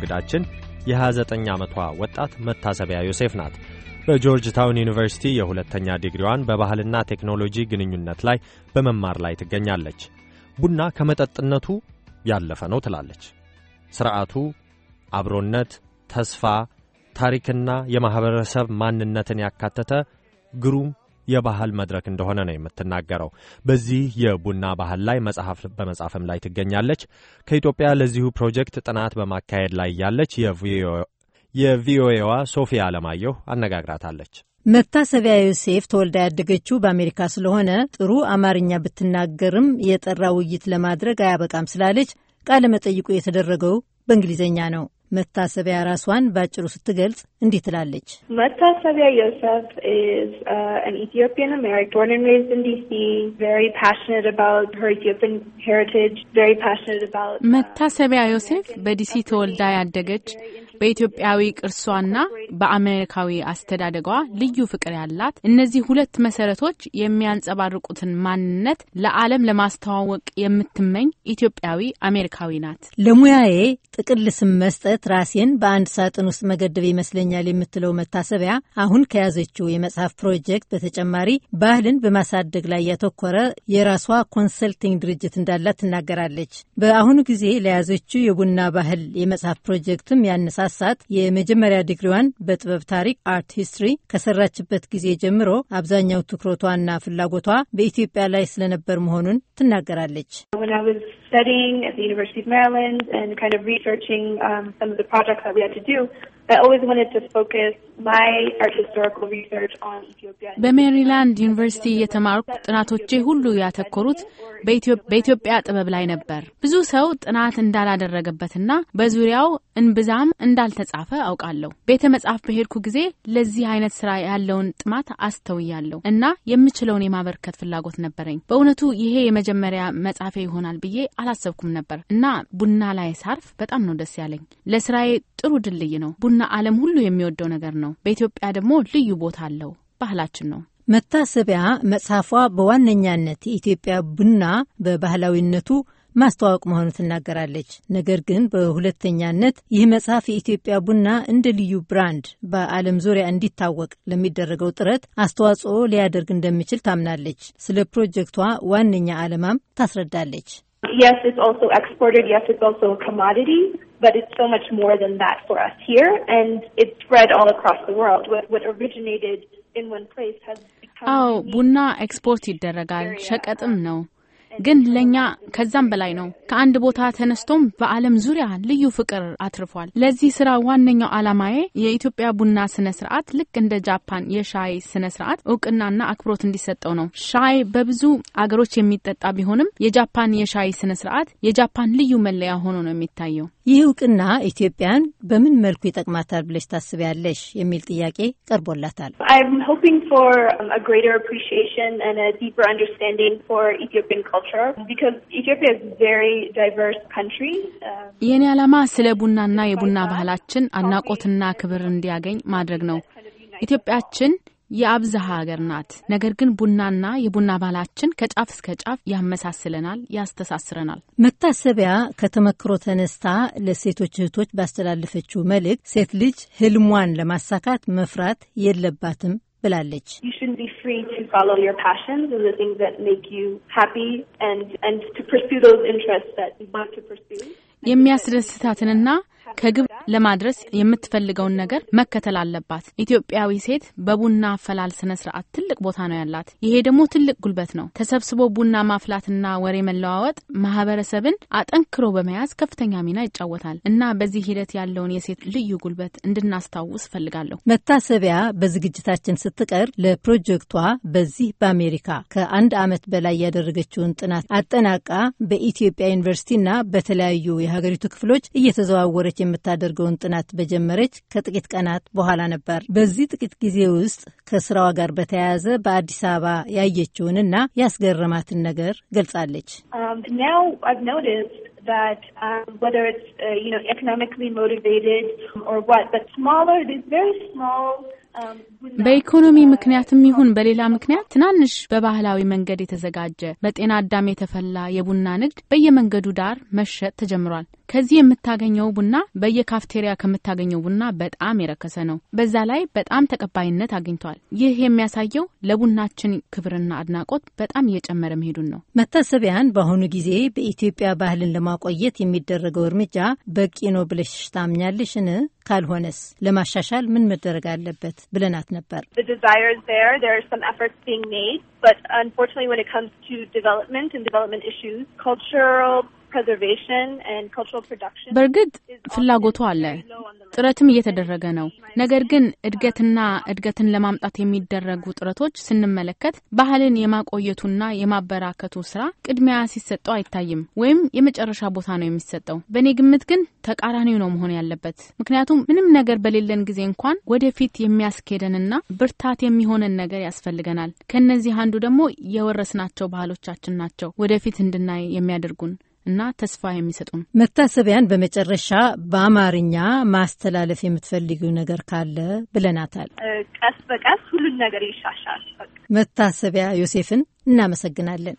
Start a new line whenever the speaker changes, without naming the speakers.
እንግዳችን የ29 ዓመቷ ወጣት መታሰቢያ ዮሴፍ ናት። በጆርጅ ታውን ዩኒቨርሲቲ የሁለተኛ ዲግሪዋን በባህልና ቴክኖሎጂ ግንኙነት ላይ በመማር ላይ ትገኛለች። ቡና ከመጠጥነቱ ያለፈ ነው ትላለች። ሥርዓቱ አብሮነት፣ ተስፋ፣ ታሪክና የማኅበረሰብ ማንነትን ያካተተ ግሩም የባህል መድረክ እንደሆነ ነው የምትናገረው። በዚህ የቡና ባህል ላይ መጽሐፍ በመጻፍም ላይ ትገኛለች። ከኢትዮጵያ ለዚሁ ፕሮጀክት ጥናት በማካሄድ ላይ ያለች የቪኦኤዋ ሶፊያ አለማየሁ አነጋግራታለች።
መታሰቢያ ዮሴፍ ተወልዳ ያደገችው በአሜሪካ ስለሆነ ጥሩ አማርኛ ብትናገርም የጠራ ውይይት ለማድረግ አያበቃም ስላለች ቃለ መጠይቁ የተደረገው በእንግሊዝኛ ነው። መታሰቢያ ራሷን ባጭሩ ስትገልጽ እንዲህ ትላለች።
መታሰቢያ ዮሴፍ ኢትዮጵያን uh, uh,
መታሰቢያ ዮሴፍ በዲሲ ተወልዳ ያደገች በኢትዮጵያዊ ቅርሷና በአሜሪካዊ አስተዳደጓ ልዩ ፍቅር ያላት፣ እነዚህ ሁለት መሰረቶች የሚያንጸባርቁትን ማንነት ለዓለም ለማስተዋወቅ የምትመኝ ኢትዮጵያዊ አሜሪካዊ ናት።
ለሙያዬ ጥቅል ስም መስጠት ማለት ራሴን በአንድ ሳጥን ውስጥ መገደብ ይመስለኛል የምትለው መታሰቢያ አሁን ከያዘችው የመጽሐፍ ፕሮጀክት በተጨማሪ ባህልን በማሳደግ ላይ ያተኮረ የራሷ ኮንሰልቲንግ ድርጅት እንዳላት ትናገራለች። በአሁኑ ጊዜ ለያዘችው የቡና ባህል የመጽሐፍ ፕሮጀክትም ያነሳሳት የመጀመሪያ ዲግሪዋን በጥበብ ታሪክ አርት ሂስትሪ ከሰራችበት ጊዜ ጀምሮ አብዛኛው ትኩረቷና ፍላጎቷ በኢትዮጵያ ላይ ስለነበር መሆኑን ትናገራለች።
studying at the University of Maryland and kind of researching um, some of the projects that we had to do,
በሜሪላንድ ዩኒቨርሲቲ የተማርኩ ጥናቶቼ ሁሉ ያተኮሩት በኢትዮጵያ ጥበብ ላይ ነበር። ብዙ ሰው ጥናት እንዳላደረገበትና በዙሪያው እንብዛም እንዳልተጻፈ አውቃለሁ። ቤተ መጽሐፍ በሄድኩ ጊዜ ለዚህ አይነት ስራ ያለውን ጥማት አስተውያለሁ እና የምችለውን የማበርከት ፍላጎት ነበረኝ። በእውነቱ ይሄ የመጀመሪያ መጽሐፌ ይሆናል ብዬ አላሰብኩም ነበር እና ቡና ላይ ሳርፍ በጣም ነው ደስ ያለኝ። ለስራዬ ጥሩ ድልድይ ነው ቡና ሰውና ዓለም ሁሉ የሚወደው ነገር ነው። በኢትዮጵያ ደግሞ ልዩ ቦታ አለው፣ ባህላችን ነው።
መታሰቢያ መጽሐፏ በዋነኛነት የኢትዮጵያ ቡና በባህላዊነቱ ማስተዋወቅ መሆኑ ትናገራለች። ነገር ግን በሁለተኛነት ይህ መጽሐፍ የኢትዮጵያ ቡና እንደ ልዩ ብራንድ በዓለም ዙሪያ እንዲታወቅ ለሚደረገው ጥረት አስተዋጽኦ ሊያደርግ እንደሚችል ታምናለች። ስለ ፕሮጀክቷ ዋነኛ ዓላማም ታስረዳለች።
but it's so much more than that for us here, and it's spread all across the world. What, what originated in one place has
become. Oh, ቡና ኤክስፖርት ይደረጋል፣ ሸቀጥም ነው። ግን ለእኛ ከዛም በላይ ነው። ከአንድ ቦታ ተነስቶም በዓለም ዙሪያ ልዩ ፍቅር አትርፏል። ለዚህ ስራ ዋነኛው ዓላማዬ የኢትዮጵያ ቡና ስነ ስርዓት ልክ እንደ ጃፓን የሻይ ስነ ስርዓት እውቅናና አክብሮት እንዲሰጠው ነው። ሻይ በብዙ አገሮች የሚጠጣ ቢሆንም የጃፓን የሻይ ስነ ስርዓት የጃፓን ልዩ መለያ ሆኖ ነው የሚታየው። ይህ እውቅና ኢትዮጵያን
በምን መልኩ ይጠቅማታል ብለሽ ታስቢያለሽ? የሚል ጥያቄ ቀርቦላታል።
I'm hoping for um, a greater appreciation and a deeper understanding for Ethiopian culture. Um,
የእኔ ዓላማ ስለ ቡናና የቡና ባህላችን አድናቆትና ክብር እንዲያገኝ ማድረግ ነው። ኢትዮጵያችን የአብዛሃ ሀገር ናት። ነገር ግን ቡናና የቡና ባህላችን ከጫፍ እስከ ጫፍ ያመሳስለናል፣ ያስተሳስረናል።
መታሰቢያ ከተመክሮ ተነስታ ለሴቶች እህቶች ባስተላለፈችው መልእክት ሴት ልጅ ህልሟን ለማሳካት መፍራት የለባትም ብላለች።
የሚያስደስታትንና ከግብ ለማድረስ የምትፈልገውን ነገር መከተል አለባት። ኢትዮጵያዊ ሴት በቡና አፈላል ስነ ስርዓት ትልቅ ቦታ ነው ያላት። ይሄ ደግሞ ትልቅ ጉልበት ነው። ተሰብስቦ ቡና ማፍላትና ወሬ መለዋወጥ ማህበረሰብን አጠንክሮ በመያዝ ከፍተኛ ሚና ይጫወታል እና በዚህ ሂደት ያለውን የሴት ልዩ ጉልበት እንድናስታውስ እፈልጋለሁ።
መታሰቢያ በዝግጅታችን ስትቀር ለፕሮጀክቷ በዚህ በአሜሪካ ከአንድ ዓመት በላይ ያደረገችውን ጥናት አጠናቃ በኢትዮጵያ ዩኒቨርሲቲና በተለያዩ የሀገሪቱ ክፍሎች እየተዘዋወረች የምታደርገውን ጥናት በጀመረች ከጥቂት ቀናት በኋላ ነበር። በዚህ ጥቂት ጊዜ ውስጥ ከስራዋ ጋር በተያያዘ በአዲስ አበባ ያየችውንና ያስገረማትን ነገር ገልጻለች።
um,
በኢኮኖሚ ምክንያትም ይሁን በሌላ ምክንያት ትናንሽ በባህላዊ መንገድ የተዘጋጀ በጤና አዳም የተፈላ የቡና ንግድ በየመንገዱ ዳር መሸጥ ተጀምሯል። ከዚህ የምታገኘው ቡና በየካፍቴሪያ ከምታገኘው ቡና በጣም የረከሰ ነው። በዛ ላይ በጣም ተቀባይነት አግኝቷል። ይህ የሚያሳየው ለቡናችን ክብርና አድናቆት በጣም እየጨመረ መሄዱን ነው።
መታሰቢያን በአሁኑ ጊዜ በኢትዮጵያ ባህልን ለማቆየት የሚደረገው እርምጃ በቂ ነው ብለሽ ታምኛለሽን? ካልሆነስ ለማሻሻል ምን መደረግ አለበት ብለናት ነበር።
But unfortunately, when it comes to development and development issues, cultural
በእርግጥ ፍላጎቱ አለ፣ ጥረትም እየተደረገ ነው። ነገር ግን እድገትና እድገትን ለማምጣት የሚደረጉ ጥረቶች ስንመለከት ባህልን የማቆየቱና የማበራከቱ ስራ ቅድሚያ ሲሰጠው አይታይም፣ ወይም የመጨረሻ ቦታ ነው የሚሰጠው። በእኔ ግምት ግን ተቃራኒው ነው መሆን ያለበት። ምክንያቱም ምንም ነገር በሌለን ጊዜ እንኳን ወደፊት የሚያስኬደንና ብርታት የሚሆነን ነገር ያስፈልገናል። ከእነዚህ አንዱ ደግሞ የወረስናቸው ባህሎቻችን ናቸው ወደፊት እንድናይ የሚያደርጉን እና ተስፋ የሚሰጡን።
መታሰቢያን በመጨረሻ በአማርኛ ማስተላለፍ የምትፈልጊው ነገር ካለ ብለናታል።
ቀስ በቀስ ሁሉን ነገር ይሻሻል።
መታሰቢያ ዮሴፍን እናመሰግናለን።